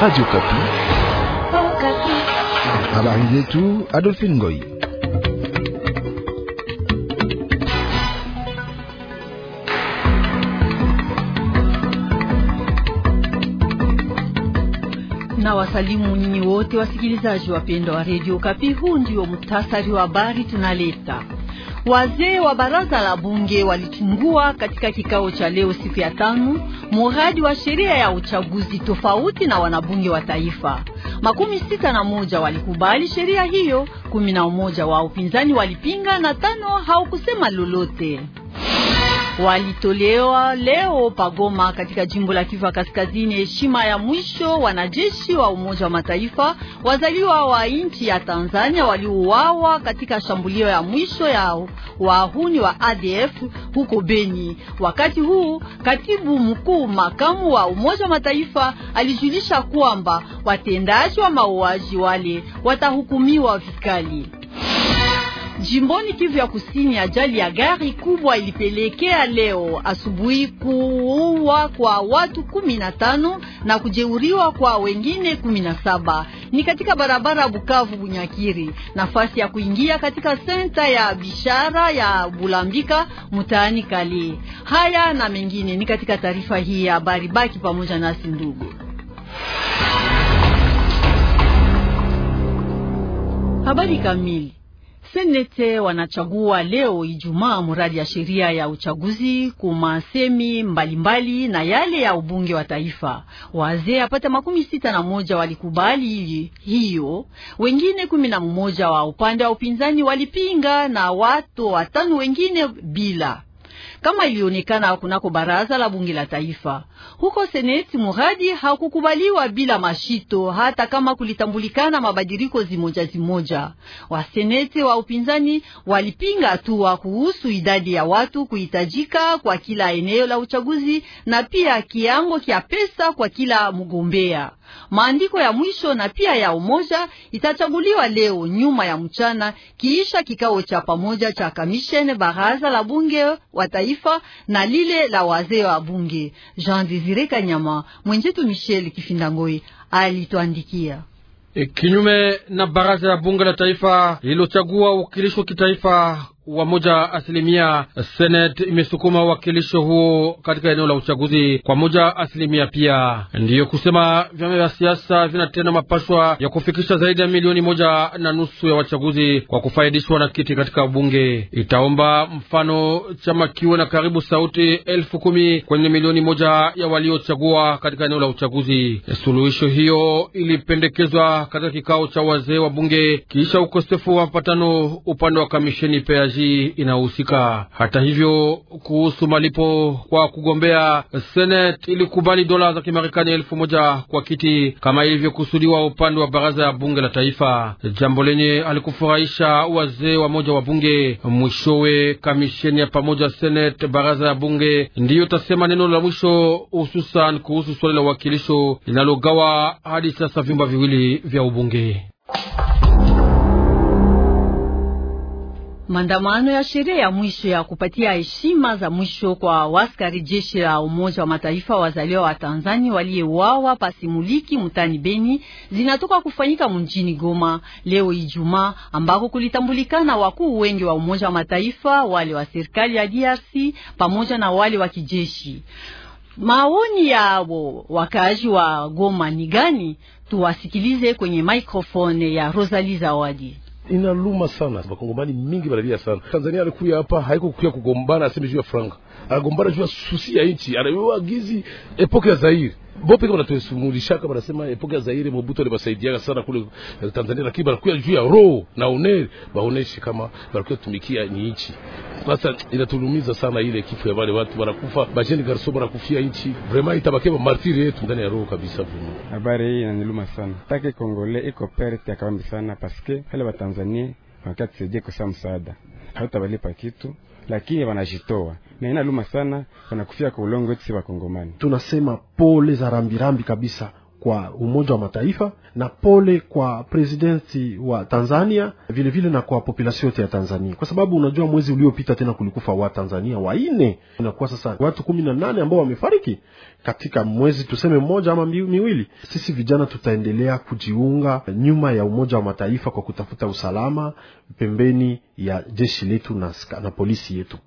Radio oh, Kapi. Habari zetu Adolphine Ngoy. Na wasalimu nyinyi wote wasikilizaji wapendwa wa Radio Kapi. Huu ndio muhtasari wa habari tunaleta. Wazee wa baraza la bunge walichungua katika kikao cha leo siku ya tano muradi wa sheria ya uchaguzi tofauti na wanabunge wa taifa. Makumi sita na moja walikubali sheria hiyo, kumi na moja wa upinzani walipinga na tano haukusema lolote walitolewa leo pagoma katika jimbo la Kivu Kaskazini heshima ya mwisho wanajeshi wa Umoja wa Mataifa wazaliwa wa nchi ya Tanzania waliuawa katika shambulio ya mwisho ya wahuni wa ADF huko Beni. Wakati huu katibu mkuu makamu wa Umoja wa Mataifa alijulisha kwamba watendaji wa mauaji wale watahukumiwa vikali. Jimboni Kivu ya Kusini, ajali ya gari kubwa ilipelekea leo asubuhi kuua kwa watu kumi na tano na kujeuriwa kwa wengine kumi na saba ni katika barabara Bukavu Bunyakiri, nafasi ya kuingia katika senta ya bishara ya Bulambika mtaani Kali. Haya na mengine ni katika taarifa hii ya habari. Baki pamoja nasi ndugu. Habari kamili Senete wanachagua leo Ijumaa mradi ya sheria ya uchaguzi kumasemi mbalimbali na yale ya ubunge wa taifa. Wazee apata makumi sita na moja walikubali hiyo, wengine kumi na mmoja wa upande wa upinzani walipinga na watu watano wengine bila kama ilionekana kunako baraza la bunge la taifa. Huko seneti, muradi hakukubaliwa bila mashito, hata kama kulitambulikana mabadiliko zimoja zimoja. Waseneti wa upinzani walipinga hatua kuhusu idadi ya watu kuhitajika kwa kila eneo la uchaguzi na pia kiango kya pesa kwa kila mgombea. Maandiko ya mwisho na pia ya umoja itachaguliwa leo nyuma ya mchana, kiisha kikao cha pamoja cha kamishene baraza la bunge wa taifa na lile la wazee wa bunge. Jean Desire Kanyama, mwenjetu Michel Kifindangoi alituandikia. E, kinyume na baraza la bunge la taifa lilochagua uwakilisho kitaifa wa moja asilimia. Senate imesukuma uwakilisho huo katika eneo la uchaguzi kwa moja asilimia pia. Ndiyo kusema vyama vya siasa vinatenda mapashwa ya kufikisha zaidi ya milioni moja na nusu ya wachaguzi kwa kufaidishwa na kiti katika bunge. Itaomba mfano chama kiwe na karibu sauti elfu kumi kwenye milioni moja ya waliochagua katika eneo la uchaguzi. Suluhisho hiyo ilipendekezwa katika kikao cha wazee wa bunge kisha ukosefu wa mapatano upande wa kamisheni peaji kazi inahusika. Hata hivyo, kuhusu malipo kwa kugombea, Senate ilikubali dola za Kimarekani elfu moja kwa kiti kama ilivyokusudiwa upande wa baraza ya bunge la taifa, jambo lenye alikufurahisha wazee wa moja wa bunge. Mwishowe kamisheni ya pamoja Senate baraza ya bunge ndiyo tasema neno la mwisho, hususan kuhusu swali la uwakilisho linalogawa hadi sasa vyumba viwili vya ubunge. Maandamano ya sherehe ya mwisho ya kupatia heshima za mwisho kwa waskari jeshi la Umoja wa Mataifa wazaliwa wa Tanzania waliyeuawa pasimuliki mutani Beni zinatoka kufanyika mjini Goma leo Ijumaa, ambako kulitambulikana wakuu wengi wa Umoja wa Mataifa, wale wa serikali ya DRC pamoja na wale wa kijeshi. Maoni yao wakaaji wa Goma ni gani? Tuwasikilize kwenye maikrofone ya Rosalie Zawadi inaluma sana. makongomani mingi banavia sana. Tanzania alikuya hapa, haikukuya kugombana aseme juu ya franga, anagombana juu ya susi ya nchi, anaiwa gizi epoke ya Zaire kwa bopeke kwa wanasema epoke ya Zaire Mobutu alibasaidiaka sana kule eh, Tanzania, lakini barakuya juu ya roho na oneri baoneshe kama barakuya tumikia ni nchi. Sasa inatulumiza sana ile kifo ya wale watu wanakufa, bajeni garso wanakufia nchi, vrema itabaki martiri yetu ndani ya roho kabisa. Vuma habari hii inaniluma sana, take kongole iko perte akawambi sana paske wale wa Tanzania wakati tusaidie kosa msaada, hatutabalipa kitu, lakini wanajitoa na inaluma sana, wanakufia kwa ulongo wetu si Wakongomani. Tunasema pole za rambirambi kabisa kwa Umoja wa Mataifa na pole kwa presidenti wa Tanzania vilevile vile na kwa population yote ya Tanzania, kwa sababu unajua mwezi uliopita tena kulikufa wa Tanzania waine, inakuwa sasa watu kumi na nane ambao wamefariki katika mwezi tuseme mmoja ama miwili. Sisi vijana tutaendelea kujiunga nyuma ya Umoja wa Mataifa kwa kutafuta usalama pembeni ya jeshi letu na, na polisi yetu.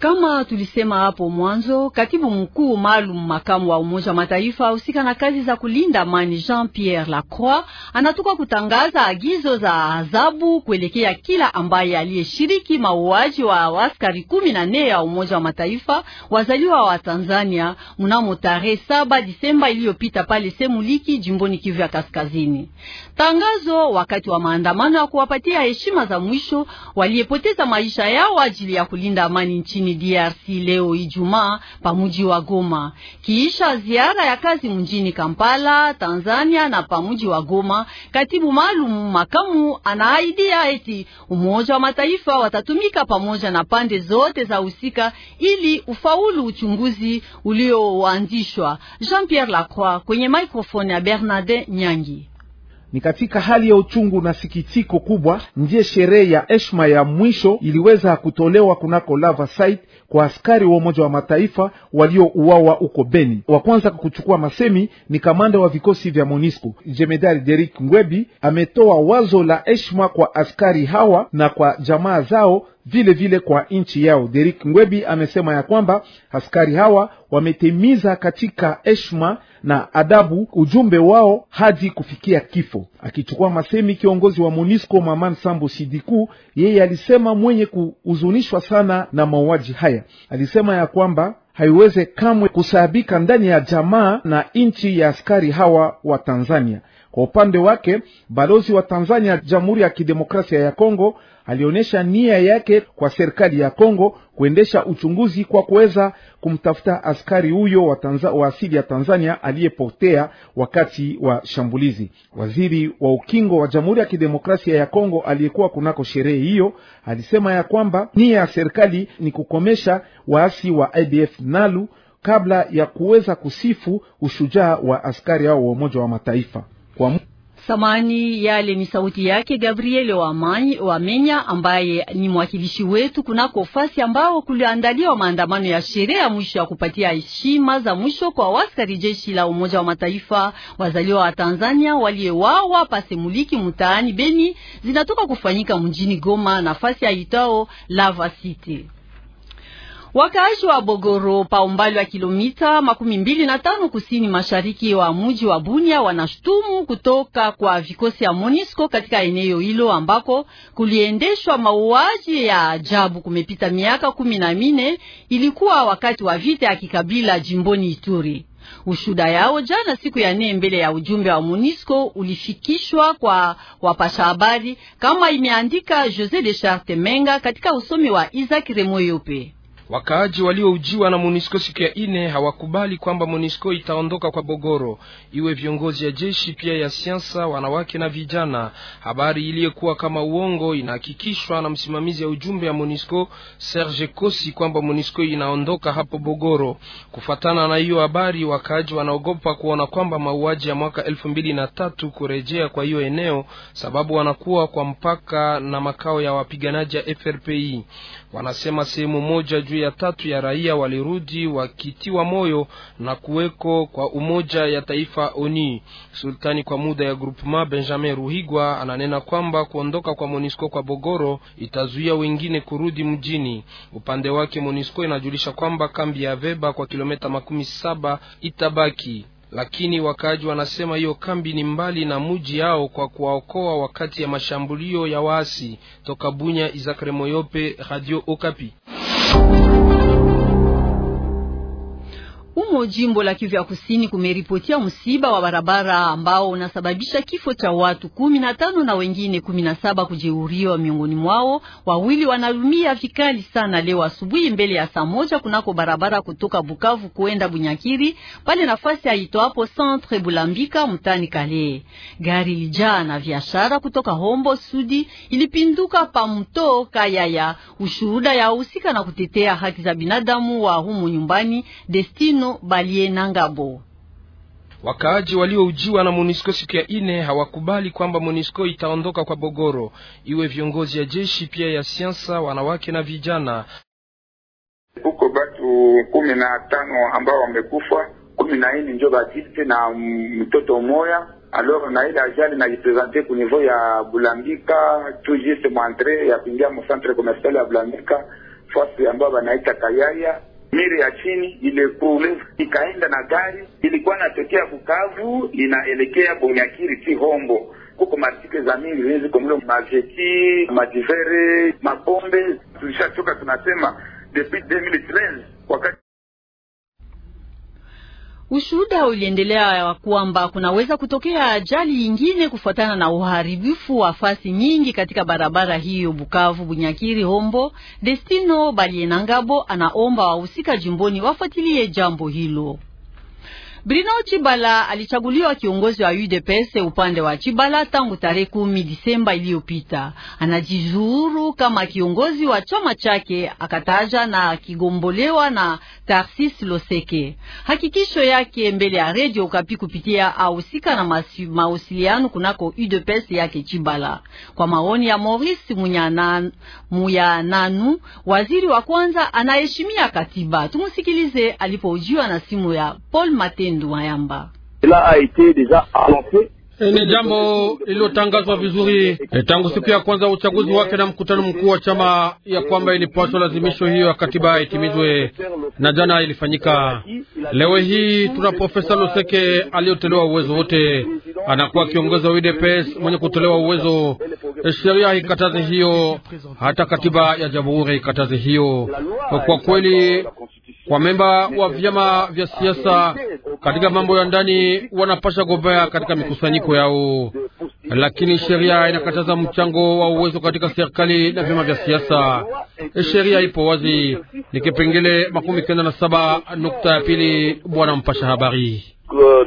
Kama tulisema hapo mwanzo, katibu mkuu maalum makamu wa Umoja wa Mataifa ahusika na kazi za kulinda amani Jean-Pierre Lacroix anatoka kutangaza agizo za adhabu kuelekea kila ambaye aliyeshiriki mauaji wa askari kumi na nne ya Umoja wa Mataifa wazaliwa wa Tanzania mnamo tarehe saba Disemba iliyopita pale Semuliki jimboni Kivu ya Kaskazini. Tangazo wakati wa maandamano ya kuwapatia heshima za mwisho waliyepoteza maisha yao ajili ya kulinda amani nchini nchini DRC leo Ijumaa pamuji wa Goma, kiisha ziara ya kazi mjini Kampala, Tanzania na pamuji wa Goma. Katibu maalum makamu anaahidia eti Umoja wa Mataifa watatumika pamoja na pande zote za husika ili ufaulu uchunguzi ulioanzishwa. Jean Pierre Lacroix kwenye microphone ya Bernardin Nyangi. Ni katika hali ya uchungu na sikitiko kubwa ndiye sherehe ya heshima ya mwisho iliweza kutolewa kunako Lava Site kwa askari wa Umoja wa Mataifa waliouawa huko Beni. Wa kwanza kuchukua masemi ni kamanda wa vikosi vya monisco jemedari derik Ngwebi ametoa wazo la heshima kwa askari hawa na kwa jamaa zao vile vile kwa nchi yao. derik Ngwebi amesema ya kwamba askari hawa wametimiza katika heshima na adabu ujumbe wao hadi kufikia kifo. Akichukua masemi kiongozi wa MONUSCO Maman Sambo Sidiku, yeye alisema mwenye kuhuzunishwa sana na mauaji haya. Alisema ya kwamba haiweze kamwe kusaabika ndani ya jamaa na nchi ya askari hawa wa Tanzania. Kwa upande wake balozi wa Tanzania Jamhuri ya Kidemokrasia ya Kongo alionyesha nia yake kwa serikali ya Kongo kuendesha uchunguzi kwa kuweza kumtafuta askari huyo wa, Tanza, wa asili ya Tanzania aliyepotea wakati wa shambulizi. Waziri wa ukingo wa Jamhuri ya Kidemokrasia ya Kongo aliyekuwa kunako sherehe hiyo alisema ya kwamba nia ya serikali ni kukomesha waasi wa idf NALU kabla ya kuweza kusifu ushujaa wa askari hao wa Umoja wa Mataifa kwa samani yale ni sauti yake Gabriel Wamenya ambaye ni mwakilishi wetu kunako fasi ambao kuliandaliwa maandamano ya sherehe ya mwisho ya kupatia heshima za mwisho kwa waskari jeshi la Umoja wa Mataifa wazaliwa wa Tanzania waliyewawa pasemuliki mtaani Beni zinatoka kufanyika mjini Goma nafasi ya itao Lava City. Wakaaji wa Bogoro pa umbali wa kilomita makumi mbili na tano kusini mashariki wa mji wa Bunia wanashutumu kutoka kwa vikosi ya monisco katika eneo hilo ambako kuliendeshwa mauaji ya ajabu kumepita miaka kumi na mine. Ilikuwa wakati wa vita ya kikabila jimboni Ituri. Ushuda yao jana siku ya nne mbele ya ujumbe wa monisco ulifikishwa kwa wapasha habari, kama imeandika Jose de Charte Menga katika usomi wa Isaac Remoyope. Wakaaji walioujiwa na MONUSCO siku ya ine hawakubali kwamba MONUSCO itaondoka kwa Bogoro, iwe viongozi ya jeshi pia ya siasa, wanawake na vijana. Habari iliyokuwa kama uongo inahakikishwa na msimamizi ya ujumbe ya MONUSCO Serge Kosi kwamba MONUSCO inaondoka hapo Bogoro. kufuatana na hiyo habari, wakaaji wanaogopa kuona kwamba mauaji ya mwaka elfu mbili na tatu kurejea kwa hiyo eneo, sababu wanakuwa kwa mpaka na makao ya wapiganaji ya FRPI. Wanasema sehemu moja juu ya tatu ya raia walirudi wakitiwa moyo na kuweko kwa umoja ya taifa oni. Sultani kwa muda ya groupement Benjamin Ruhigwa ananena kwamba kuondoka kwa Monisco kwa Bogoro itazuia wengine kurudi mjini. Upande wake Monisco inajulisha kwamba kambi ya Veba kwa kilomita makumi saba itabaki lakini wakaaji wanasema hiyo kambi ni mbali na muji yao kwa kuwaokoa wakati ya mashambulio ya waasi toka Bunya. Izakre Moyope, Radio Okapi. huko jimbo la Kivu ya Kusini kumeripotia msiba wa barabara ambao unasababisha kifo cha watu kumi na tano na wengine kumi na saba kujeruhiwa, miongoni mwao wawili wanalumia vikali sana leo asubuhi mbele ya saa moja kunako barabara kutoka Bukavu kuenda Bunyakiri pale nafasi aitwapo Centre Bulambika mtani Kale. Gari lijaa na biashara kutoka Hombo Sudi ilipinduka pa mto Kayaya. Ushuhuda ya husika na kutetea haki za binadamu wa humu nyumbani Destino balie Nangabo. Wakaaji walioujiwa na MONUSCO siku ya ine hawakubali kwamba MONUSCO itaondoka kwa Bogoro, iwe viongozi ya jeshi pia ya siasa, wanawake na vijana. Kuko batu kumi na tano ambao wamekufa, kumi na ine njo batiste na mtoto moya alor na ile ajali najipresente ku niveau ya Bulambika tu juste mwantre ya kuingia mu centre commercial ya Bulambika fasi ambayo banaita Kayaya miri ya chini ile kule ikaenda na gari ilikuwa natokea Bukavu inaelekea Bunyakiri ti Hombo kuko matike za mingi zenye ziko mlo majeti majivere mapombe. Tulishachoka, tunasema depuis Ushuhuda uliendelea wa kwamba kunaweza kutokea ajali ingine kufuatana na uharibifu wa fasi nyingi katika barabara hiyo Bukavu Bunyakiri Hombo. Destino Balienangabo anaomba wahusika jimboni wafuatilie jambo hilo. Bruno Chibala alichaguliwa kiongozi wa UDPS upande wa Chibala tangu tarehe kumi Disemba iliyopita. Anajizuru kama kiongozi wa chama chake, akataja na akigombolewa na Tarsis Loseke. Hakikisho yake mbele ya Radio Okapi kupitia ahusika na mawasiliano kunako UDPS yake Chibala, kwa maoni ya Maurice Muyananu, waziri wa kwanza anaheshimia katiba. Tumusikilize alipojiwa na simu ya Paul Mate Bindu Mayamba. Eh, ni jambo lililotangazwa vizuri e, tangu siku ya kwanza uchaguzi wake na mkutano mkuu wa chama ya kwamba ilipaswa lazimisho hiyo ya katiba itimizwe, na jana ilifanyika. Leo hii tuna Profesa Loseke aliyotolewa uwezo wote, anakuwa kiongozi wa UDPS mwenye kutolewa uwezo. Eh, sheria ikataze hiyo, hata katiba ya jamhuri ikataze hiyo. Kwa kweli kwa memba wa vyama vya siasa katika mambo ya ndani wanapasha gombea katika mikusanyiko yao, lakini sheria inakataza mchango wa uwezo katika serikali na vyama vya siasa. Sheria ipo wazi, ni kipengele makumi kenda na saba nukta ya pili, bwana mpasha habari. Euh,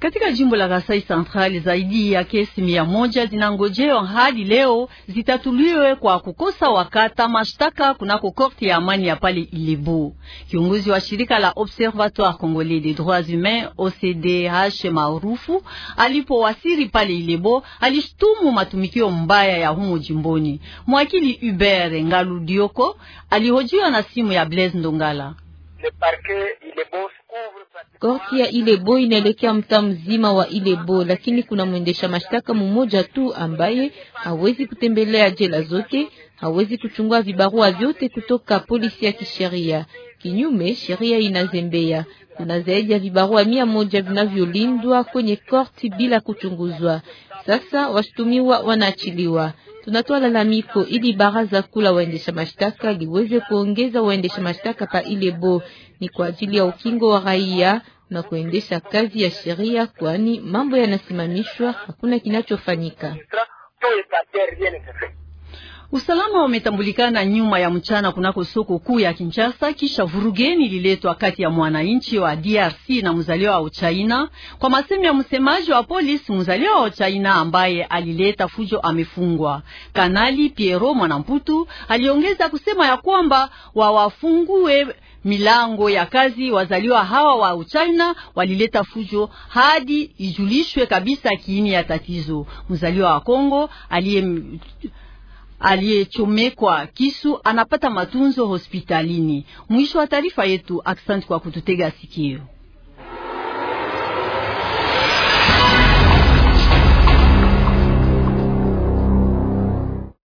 katika jimbo la Kasai Central zaidi ya kesi mia moja zinangojewa hadi leo zitatuliwe kwa kukosa wakata mashtaka kunako korti ya amani ya pale ilebo Kiongozi wa shirika la Observatoire Congolais des Droits Humains OCDH maarufu alipowasiri pale ilebo alishtumu matumikio mbaya ya humo jimboni. Mwakili Hubert Ngaludioko alihojiwa na simu ya Blaise Ndongala. Korti ya Ilebo inaelekea mtaa mzima wa Ilebo, lakini kuna mwendesha mashtaka mmoja tu ambaye hawezi kutembelea jela zote, hawezi kuchungua vibarua vyote kutoka polisi ya kisheria. Kinyume, sheria inazembea. Kuna zaidi ya vibarua mia moja vinavyolindwa kwenye korti bila kuchunguzwa. Sasa washtumiwa wanaachiliwa tunatoa lalamiko ili baraza kuu la waendesha mashtaka liweze kuongeza waendesha mashtaka pa Ilebo. Ni kwa ajili ya ukingo wa raia na kuendesha kazi ya sheria, kwani mambo yanasimamishwa, hakuna kinachofanyika. Usalama umetambulikana nyuma ya mchana kunako soko kuu ya Kinshasa kisha vurugeni ililetwa kati ya mwananchi wa DRC na mzaliwa wa Uchaina. Kwa masemi ya msemaji wa polisi, mzaliwa wa Uchaina ambaye alileta fujo amefungwa. Kanali Piero Mwanamputu aliongeza kusema ya kwamba wawafungue milango ya kazi wazaliwa hawa wa Uchina walileta fujo hadi ijulishwe kabisa kiini ya tatizo. Mzaliwa wa Kongo aliye aliyechomekwa kisu anapata matunzo hospitalini. Mwisho wa taarifa yetu. Aksanti kwa kututega sikio.